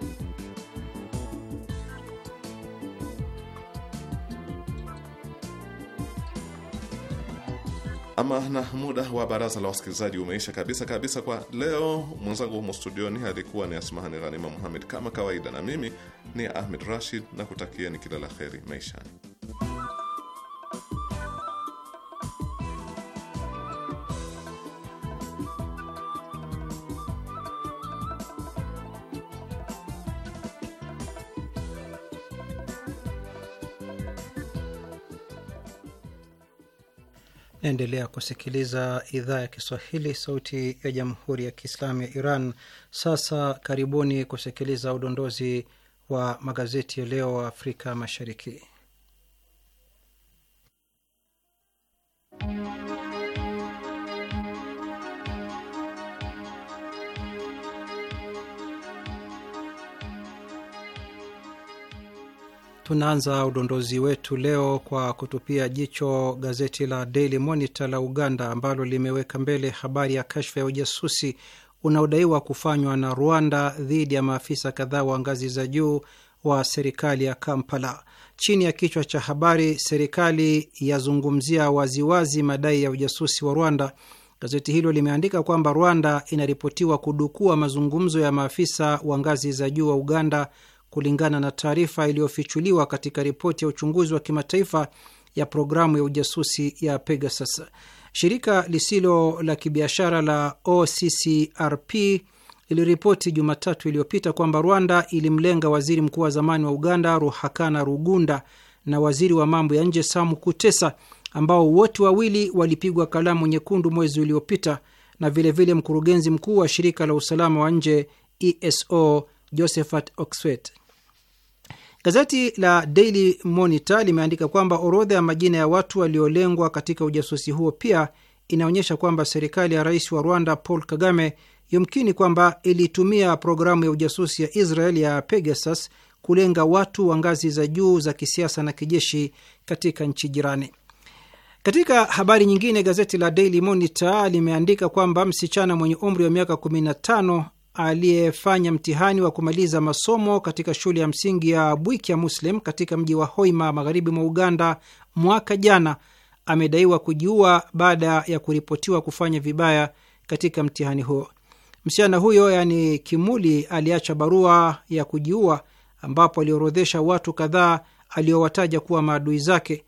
Ama na muda wa baraza la wasikilizaji umeisha kabisa kabisa kwa leo. Mwenzangu humo studioni alikuwa ni Asmahani Ghanima Muhamed kama kawaida, na mimi ni Ahmed Rashid na kutakieni kila la kheri maishani. Naendelea kusikiliza idhaa ya Kiswahili, sauti ya jamhuri ya kiislamu ya Iran. Sasa karibuni kusikiliza udondozi wa magazeti ya leo wa Afrika Mashariki. Tunaanza udondozi wetu leo kwa kutupia jicho gazeti la Daily Monitor la Uganda ambalo limeweka mbele habari ya kashfa ya ujasusi unaodaiwa kufanywa na Rwanda dhidi ya maafisa kadhaa wa ngazi za juu wa serikali ya Kampala. Chini ya kichwa cha habari, serikali yazungumzia waziwazi madai ya ujasusi wa Rwanda, gazeti hilo limeandika kwamba Rwanda inaripotiwa kudukua mazungumzo ya maafisa wa ngazi za juu wa Uganda kulingana na taarifa iliyofichuliwa katika ripoti ya uchunguzi wa kimataifa ya programu ya ujasusi ya Pegasus. Shirika lisilo la kibiashara la OCCRP iliripoti Jumatatu iliyopita kwamba Rwanda ilimlenga waziri mkuu wa zamani wa Uganda Ruhakana Rugunda na waziri wa mambo ya nje Samu Kutesa, ambao wote wawili walipigwa kalamu nyekundu mwezi uliopita, na vilevile vile mkurugenzi mkuu wa shirika la usalama wa nje ESO Josephat Oxwet. Gazeti la Daily Monitor limeandika kwamba orodha ya majina ya watu waliolengwa katika ujasusi huo pia inaonyesha kwamba serikali ya rais wa Rwanda Paul Kagame yumkini kwamba ilitumia programu ya ujasusi ya Israel ya Pegasus kulenga watu wa ngazi za juu za kisiasa na kijeshi katika nchi jirani. Katika habari nyingine, gazeti la Daily Monitor limeandika kwamba msichana mwenye umri wa miaka 15 aliyefanya mtihani wa kumaliza masomo katika shule ya msingi ya Bwikya Muslim katika mji wa Hoima, magharibi mwa Uganda, mwaka jana amedaiwa kujiua baada ya kuripotiwa kufanya vibaya katika mtihani huo. Msichana huyo, yaani Kimuli, aliacha barua ya kujiua ambapo aliorodhesha watu kadhaa aliowataja kuwa maadui zake.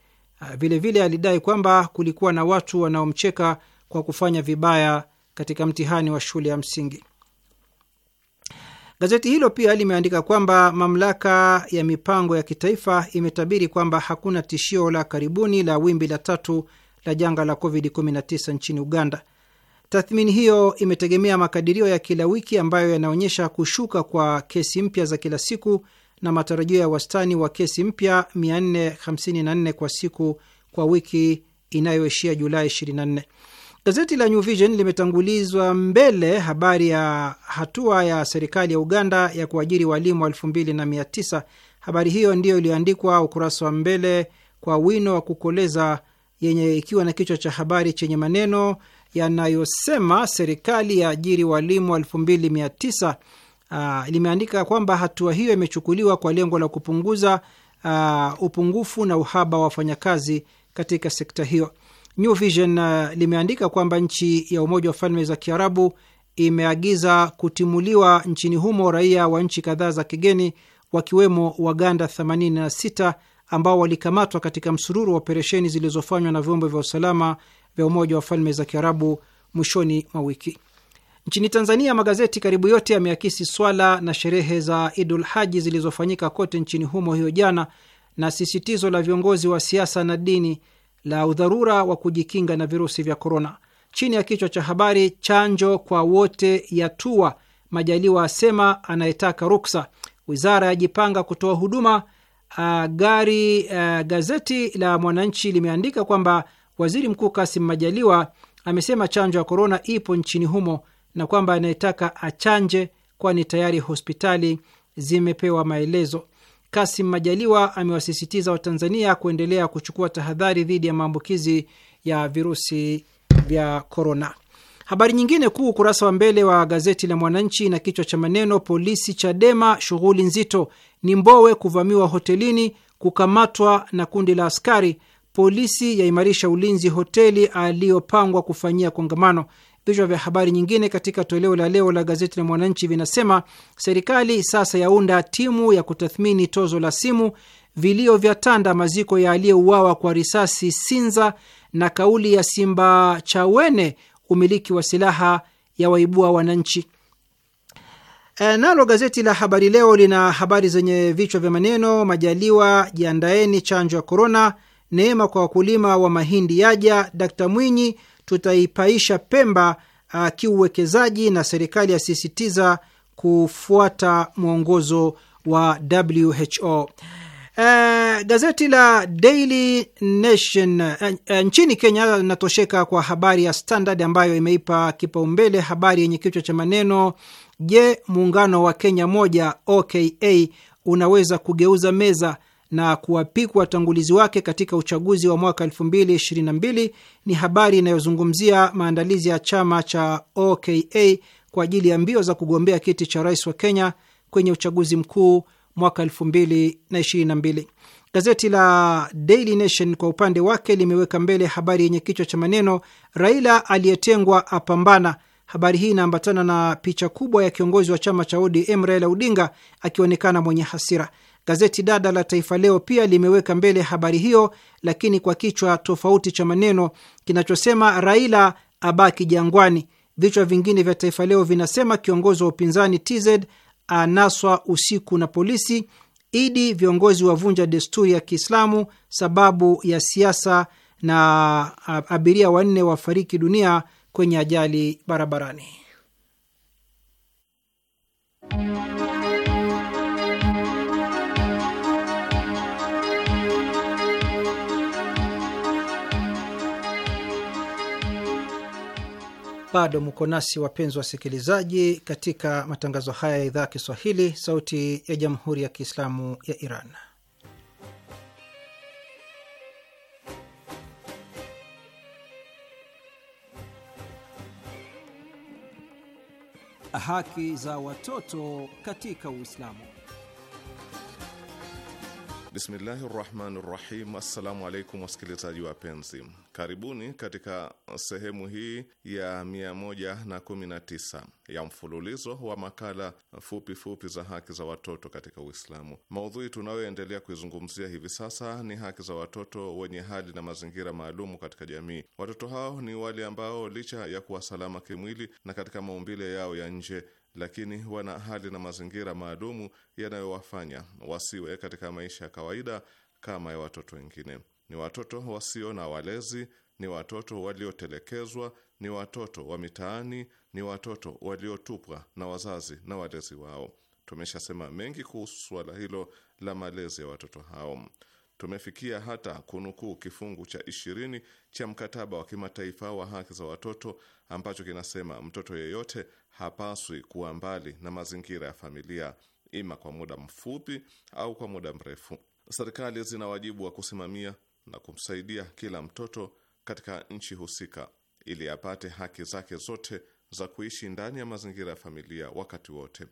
Vilevile vile alidai kwamba kulikuwa na watu wanaomcheka kwa kufanya vibaya katika mtihani wa shule ya msingi. Gazeti hilo pia limeandika kwamba mamlaka ya mipango ya kitaifa imetabiri kwamba hakuna tishio la karibuni la wimbi la tatu la janga la COVID-19 nchini Uganda. Tathmini hiyo imetegemea makadirio ya kila wiki ambayo yanaonyesha kushuka kwa kesi mpya za kila siku na matarajio ya wastani wa kesi mpya 454 kwa siku kwa wiki inayoishia Julai 24. Gazeti la New Vision limetangulizwa mbele habari ya hatua ya serikali ya Uganda ya kuajiri walimu elfu Habari hiyo ndiyo iliyoandikwa ukurasa wa mbele kwa wino wa kukoleza yenye ikiwa na kichwa cha habari chenye maneno yanayosema serikali ya ajiri walimu 29 Uh, ah, limeandika kwamba hatua hiyo imechukuliwa kwa lengo la kupunguza uh, upungufu na uhaba wa wafanyakazi katika sekta hiyo. New Vision uh, limeandika kwamba nchi ya Umoja wa Falme za Kiarabu imeagiza kutimuliwa nchini humo raia wa nchi kadhaa za kigeni wakiwemo Waganda 86 ambao walikamatwa katika msururu wa operesheni zilizofanywa na vyombo vya usalama vya Umoja wa Falme za Kiarabu mwishoni mwa wiki. Nchini Tanzania, magazeti karibu yote yameakisi swala na sherehe za Idul Haji zilizofanyika kote nchini humo hiyo jana na sisitizo la viongozi wa siasa na dini la udharura wa kujikinga na virusi vya korona chini ya kichwa cha habari chanjo kwa wote yatua, Majaliwa asema anayetaka ruksa, wizara yajipanga kutoa huduma. Uh, gari uh, gazeti la Mwananchi limeandika kwamba waziri mkuu Kasim Majaliwa amesema chanjo ya korona ipo nchini humo na kwamba anayetaka achanje, kwani tayari hospitali zimepewa maelezo. Kasim Majaliwa amewasisitiza Watanzania kuendelea kuchukua tahadhari dhidi ya maambukizi ya virusi vya korona. Habari nyingine kuu ukurasa wa mbele wa gazeti la Mwananchi na kichwa cha maneno polisi Chadema shughuli nzito, ni Mbowe kuvamiwa hotelini, kukamatwa na kundi la askari, polisi yaimarisha ulinzi hoteli aliyopangwa kufanyia kongamano. Vichwa vya habari nyingine katika toleo la leo la gazeti la Mwananchi vinasema serikali sasa yaunda timu ya kutathmini tozo la simu, vilio vya tanda maziko ya aliyeuawa kwa risasi Sinza, na kauli ya Simba Chawene umiliki wa silaha ya waibua wananchi. E, nalo gazeti la Habari Leo lina habari zenye vichwa vya maneno: Majaliwa, jiandaeni chanjo ya korona; neema kwa wakulima wa mahindi yaja; Dkt Mwinyi tutaipaisha Pemba uh, kiuwekezaji, na serikali yasisitiza kufuata mwongozo wa WHO. Uh, gazeti la Daily Nation uh, uh, nchini Kenya linatosheka kwa habari ya Standard ambayo imeipa kipaumbele habari yenye kichwa cha maneno Je, muungano wa Kenya moja OKA unaweza kugeuza meza? na kuwapikwa watangulizi wake katika uchaguzi wa mwaka 2022 ni habari inayozungumzia maandalizi ya chama cha OKA kwa ajili ya mbio za kugombea kiti cha rais wa Kenya kwenye uchaguzi mkuu mwaka 2022. Gazeti la Daily Nation kwa upande wake limeweka mbele habari yenye kichwa cha maneno Raila aliyetengwa apambana. Habari hii inaambatana na picha kubwa ya kiongozi wa chama cha ODM Raila Odinga akionekana mwenye hasira. Gazeti dada la Taifa Leo pia limeweka mbele habari hiyo, lakini kwa kichwa tofauti cha maneno kinachosema Raila abaki Jangwani. Vichwa vingine vya Taifa Leo vinasema kiongozi wa upinzani TZ anaswa usiku na polisi, Idi viongozi wavunja desturi ya Kiislamu sababu ya siasa, na abiria wanne wafariki dunia kwenye ajali barabarani. Bado mko nasi wapenzi wasikilizaji, katika matangazo haya ya idhaa ya Kiswahili, Sauti ya Jamhuri ya Kiislamu ya Iran. Haki za watoto katika Uislamu. Bismillahi rahmani rahim. Assalamu alaikum wasikilizaji wapenzi, karibuni katika sehemu hii ya 119 ya mfululizo wa makala fupi fupi za haki za watoto katika Uislamu. Maudhui tunayoendelea kuizungumzia hivi sasa ni haki za watoto wenye hali na mazingira maalumu katika jamii. Watoto hao ni wale ambao licha ya kuwa salama kimwili na katika maumbile yao ya nje lakini wana hali na mazingira maalumu yanayowafanya wasiwe katika maisha ya kawaida kama ya watoto wengine. Ni watoto wasio na walezi, ni watoto waliotelekezwa, ni watoto wa mitaani, ni watoto waliotupwa na wazazi na walezi wao. Tumeshasema mengi kuhusu suala hilo la malezi ya watoto hao tumefikia hata kunukuu kifungu cha ishirini cha mkataba wa kimataifa wa haki za watoto ambacho kinasema mtoto yeyote hapaswi kuwa mbali na mazingira ya familia, ima kwa muda mfupi au kwa muda mrefu. Serikali zina wajibu wa kusimamia na kumsaidia kila mtoto katika nchi husika ili apate haki zake zote za kuishi ndani ya mazingira ya familia wakati wote.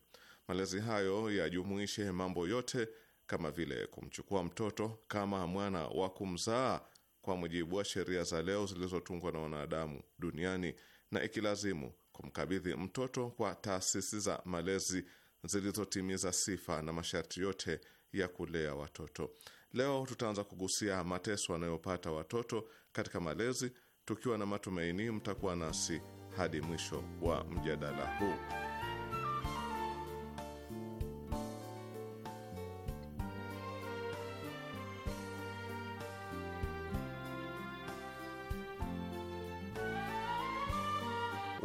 Malezi hayo yajumuishe mambo yote kama vile kumchukua mtoto kama mwana wa kumzaa kwa mujibu wa sheria za leo zilizotungwa na wanadamu duniani, na ikilazimu kumkabidhi mtoto kwa taasisi za malezi zilizotimiza sifa na masharti yote ya kulea watoto. Leo tutaanza kugusia mateso wanayopata watoto katika malezi, tukiwa na matumaini mtakuwa nasi hadi mwisho wa mjadala huu.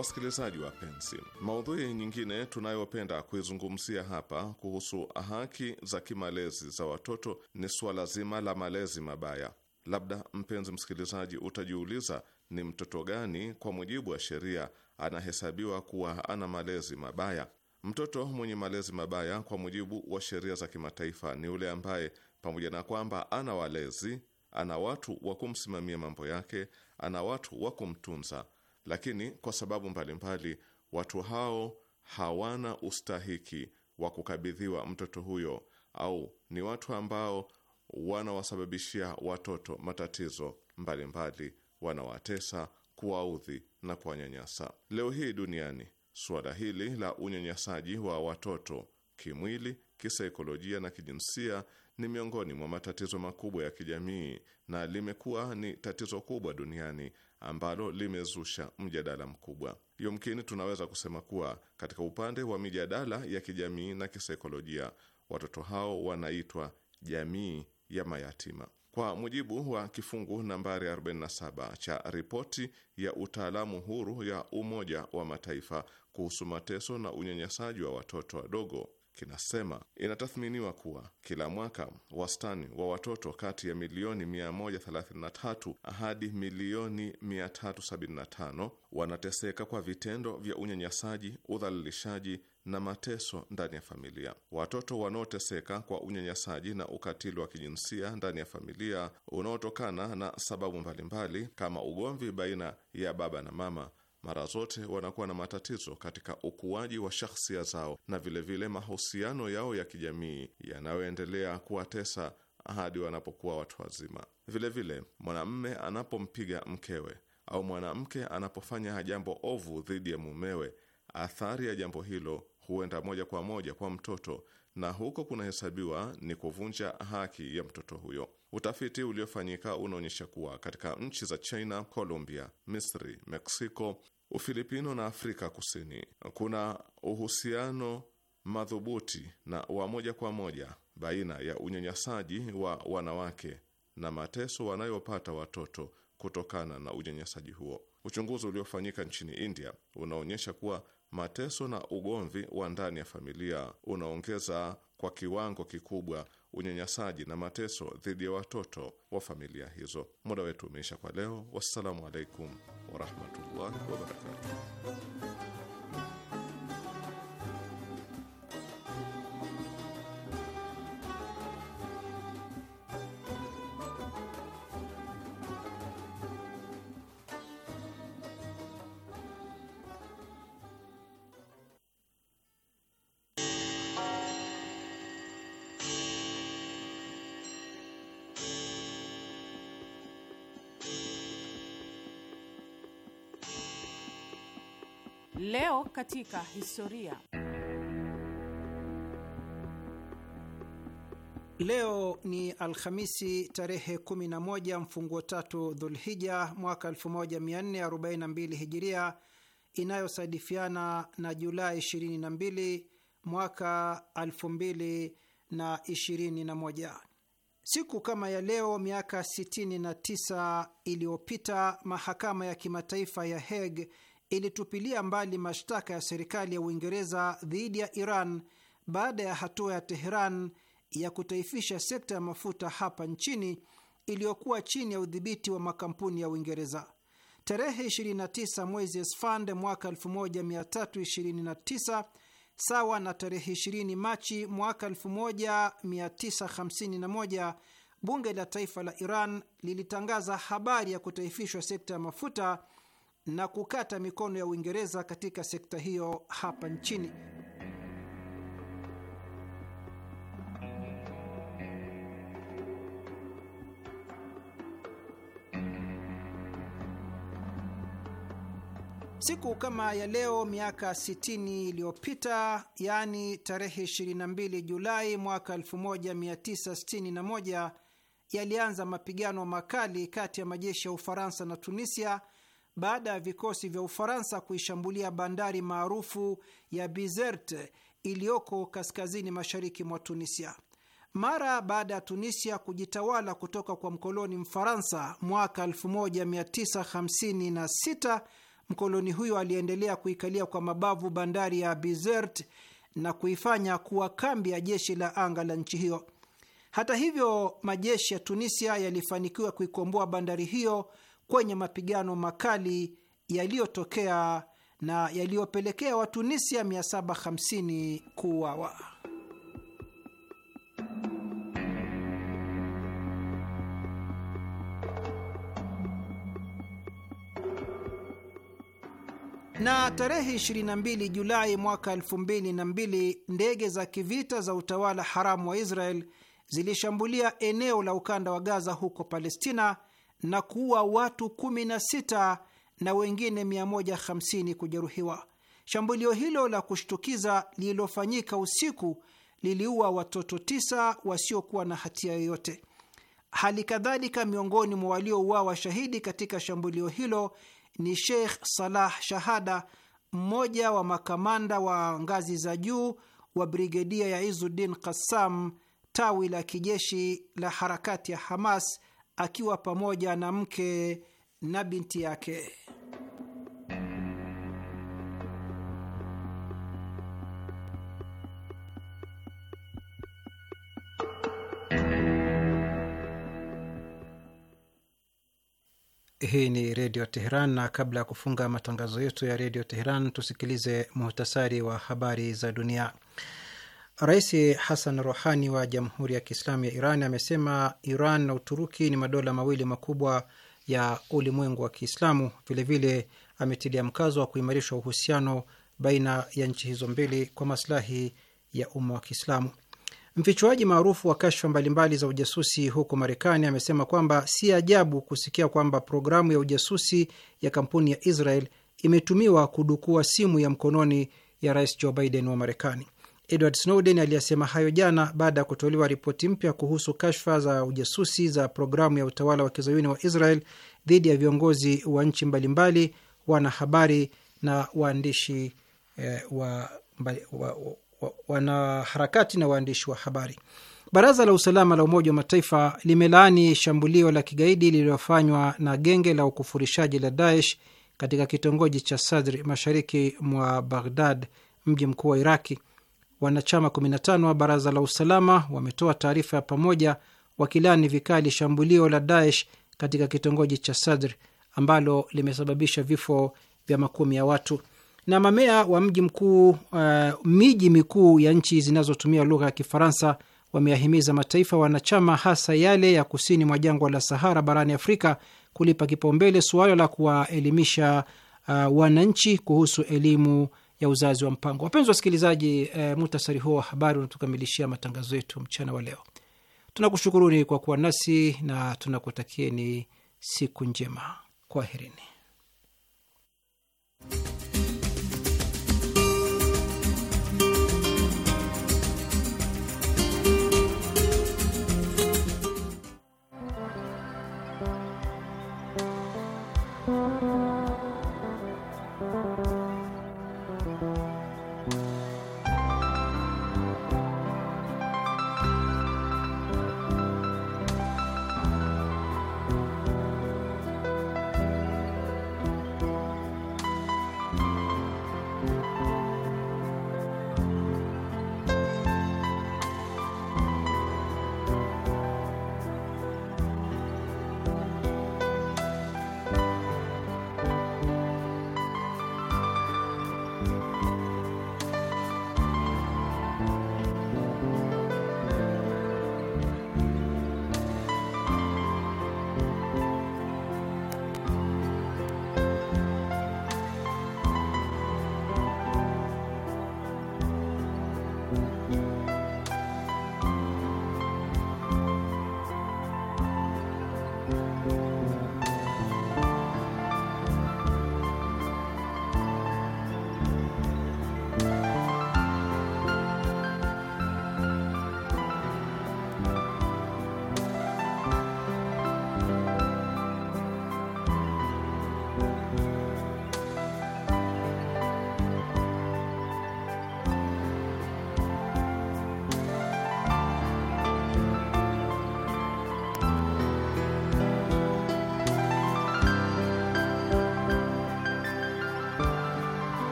Wasikilizaji wapenzi, maudhui nyingine tunayopenda kuizungumzia hapa kuhusu haki za kimalezi za watoto ni suala zima la malezi mabaya. Labda mpenzi msikilizaji, utajiuliza ni mtoto gani kwa mujibu wa sheria anahesabiwa kuwa ana malezi mabaya? Mtoto mwenye malezi mabaya kwa mujibu wa sheria za kimataifa ni yule ambaye pamoja na kwamba ana walezi, ana watu wa kumsimamia mambo yake, ana watu wa kumtunza lakini kwa sababu mbalimbali mbali, watu hao hawana ustahiki wa kukabidhiwa mtoto huyo au ni watu ambao wanawasababishia watoto matatizo mbalimbali, wanawatesa, kuwaudhi na kuwanyanyasa. Leo hii duniani suala hili la unyanyasaji wa watoto kimwili, kisaikolojia na kijinsia ni miongoni mwa matatizo makubwa ya kijamii na limekuwa ni tatizo kubwa duniani ambalo limezusha mjadala mkubwa. Yomkini tunaweza kusema kuwa katika upande wa mijadala ya kijamii na kisaikolojia, watoto hao wanaitwa jamii ya mayatima. Kwa mujibu wa kifungu nambari 47 cha ripoti ya utaalamu huru ya Umoja wa Mataifa kuhusu mateso na unyanyasaji wa watoto wadogo kinasema inatathminiwa kuwa kila mwaka wastani wa watoto kati ya milioni 133 hadi milioni 375 wanateseka kwa vitendo vya unyanyasaji, udhalilishaji na mateso ndani ya familia. Watoto wanaoteseka kwa unyanyasaji na ukatili wa kijinsia ndani ya familia unaotokana na sababu mbalimbali kama ugomvi baina ya baba na mama mara zote wanakuwa na matatizo katika ukuaji wa shahsia zao na vilevile vile mahusiano yao ya kijamii yanayoendelea kuwatesa hadi wanapokuwa watu wazima. Vilevile, mwanamme anapompiga mkewe au mwanamke anapofanya jambo ovu dhidi ya mumewe, athari ya jambo hilo huenda moja kwa moja kwa mtoto na huko kunahesabiwa ni kuvunja haki ya mtoto huyo. Utafiti uliofanyika unaonyesha kuwa katika nchi za China, Colombia, Misri, Meksiko, Ufilipino na Afrika Kusini kuna uhusiano madhubuti na wa moja kwa moja baina ya unyanyasaji wa wanawake na mateso wanayopata watoto kutokana na unyanyasaji huo. Uchunguzi uliofanyika nchini India unaonyesha kuwa mateso na ugomvi wa ndani ya familia unaongeza kwa kiwango kikubwa unyanyasaji na mateso dhidi ya watoto wa familia hizo. Muda wetu umeisha kwa leo. Wassalamu alaikum warahmatullahi wabarakatuh. Leo katika historia. Leo ni Alhamisi tarehe 11 mfunguo tatu Dhulhija mwaka 1442 Hijiria, inayosadifiana na Julai 22 mwaka 2021. Siku kama ya leo miaka 69 iliyopita mahakama ya kimataifa ya Hague ilitupilia mbali mashtaka ya serikali ya Uingereza dhidi ya Iran baada ya hatua ya Teheran ya kutaifisha sekta ya mafuta hapa nchini iliyokuwa chini ya udhibiti wa makampuni ya Uingereza. Tarehe 29 mwezi Esfand mwaka 1329 sawa na tarehe 20 Machi mwaka 1951 bunge la taifa la Iran lilitangaza habari ya kutaifishwa sekta ya mafuta na kukata mikono ya Uingereza katika sekta hiyo hapa nchini. Siku kama ya leo miaka 60 iliyopita, yaani tarehe 22 Julai mwaka 1961, yalianza mapigano makali kati ya majeshi ya Ufaransa na Tunisia baada ya vikosi vya Ufaransa kuishambulia bandari maarufu ya Bizerte iliyoko kaskazini mashariki mwa Tunisia. Mara baada ya Tunisia kujitawala kutoka kwa mkoloni Mfaransa mwaka 1956, mkoloni huyo aliendelea kuikalia kwa mabavu bandari ya Bizerte na kuifanya kuwa kambi ya jeshi la anga la nchi hiyo. Hata hivyo, majeshi ya Tunisia yalifanikiwa kuikomboa bandari hiyo kwenye mapigano makali yaliyotokea na yaliyopelekea Watunisia 750 kuuawa. Na tarehe 22 Julai mwaka 2002 ndege za kivita za utawala haramu wa Israel zilishambulia eneo la ukanda wa Gaza huko Palestina na kuua watu 16 na wengine 150 kujeruhiwa. Shambulio hilo la kushtukiza lililofanyika usiku liliua watoto tisa wasiokuwa na hatia yoyote. Hali kadhalika, miongoni mwa waliouawa shahidi katika shambulio hilo ni Sheikh Salah Shahada, mmoja wa makamanda wa ngazi za juu wa brigedia ya Izuddin Qassam, tawi la kijeshi la harakati ya Hamas akiwa pamoja na mke na binti yake. Hii ni Redio Teheran, na kabla ya kufunga matangazo yetu ya Redio Teheran, tusikilize muhtasari wa habari za dunia. Rais Hassan Rohani wa Jamhuri ya Kiislamu ya Iran amesema Iran na Uturuki ni madola mawili makubwa ya ulimwengu wa Kiislamu. Vilevile ametilia mkazo wa kuimarisha uhusiano baina ya nchi hizo mbili kwa maslahi ya umma wa Kiislamu. Mfichuaji maarufu wa kashfa mbalimbali za ujasusi huko Marekani amesema kwamba si ajabu kusikia kwamba programu ya ujasusi ya kampuni ya Israel imetumiwa kudukua simu ya mkononi ya Rais Joe Biden wa Marekani. Edward Snowden aliyasema hayo jana baada ya kutolewa ripoti mpya kuhusu kashfa za ujasusi za programu ya utawala wa kizayuni wa Israel dhidi ya viongozi wa nchi mbalimbali, wanahabari na waandishi eh, wa, wa, wa, wanaharakati na waandishi wa habari. Baraza la usalama la Umoja wa Mataifa limelaani shambulio la kigaidi lililofanywa na genge la ukufurishaji la Daesh katika kitongoji cha Sadri mashariki mwa Baghdad, mji mkuu wa Iraki wanachama 15 wa Baraza la Usalama wametoa taarifa ya pamoja wakilani vikali shambulio la Daesh katika kitongoji cha Sadr ambalo limesababisha vifo vya makumi ya watu. Na mamea wa mji mkuu, uh, miji mikuu ya nchi zinazotumia lugha ya Kifaransa wameahimiza mataifa wanachama, hasa yale ya kusini mwa jangwa la Sahara barani Afrika, kulipa kipaumbele suala la kuwaelimisha uh, wananchi kuhusu elimu ya uzazi wa mpango. Wapenzi wasikilizaji, e, muhtasari huo wa habari unatukamilishia matangazo yetu mchana wa leo. Tunakushukuruni kwa kuwa nasi na tunakutakieni siku njema. Kwaherini.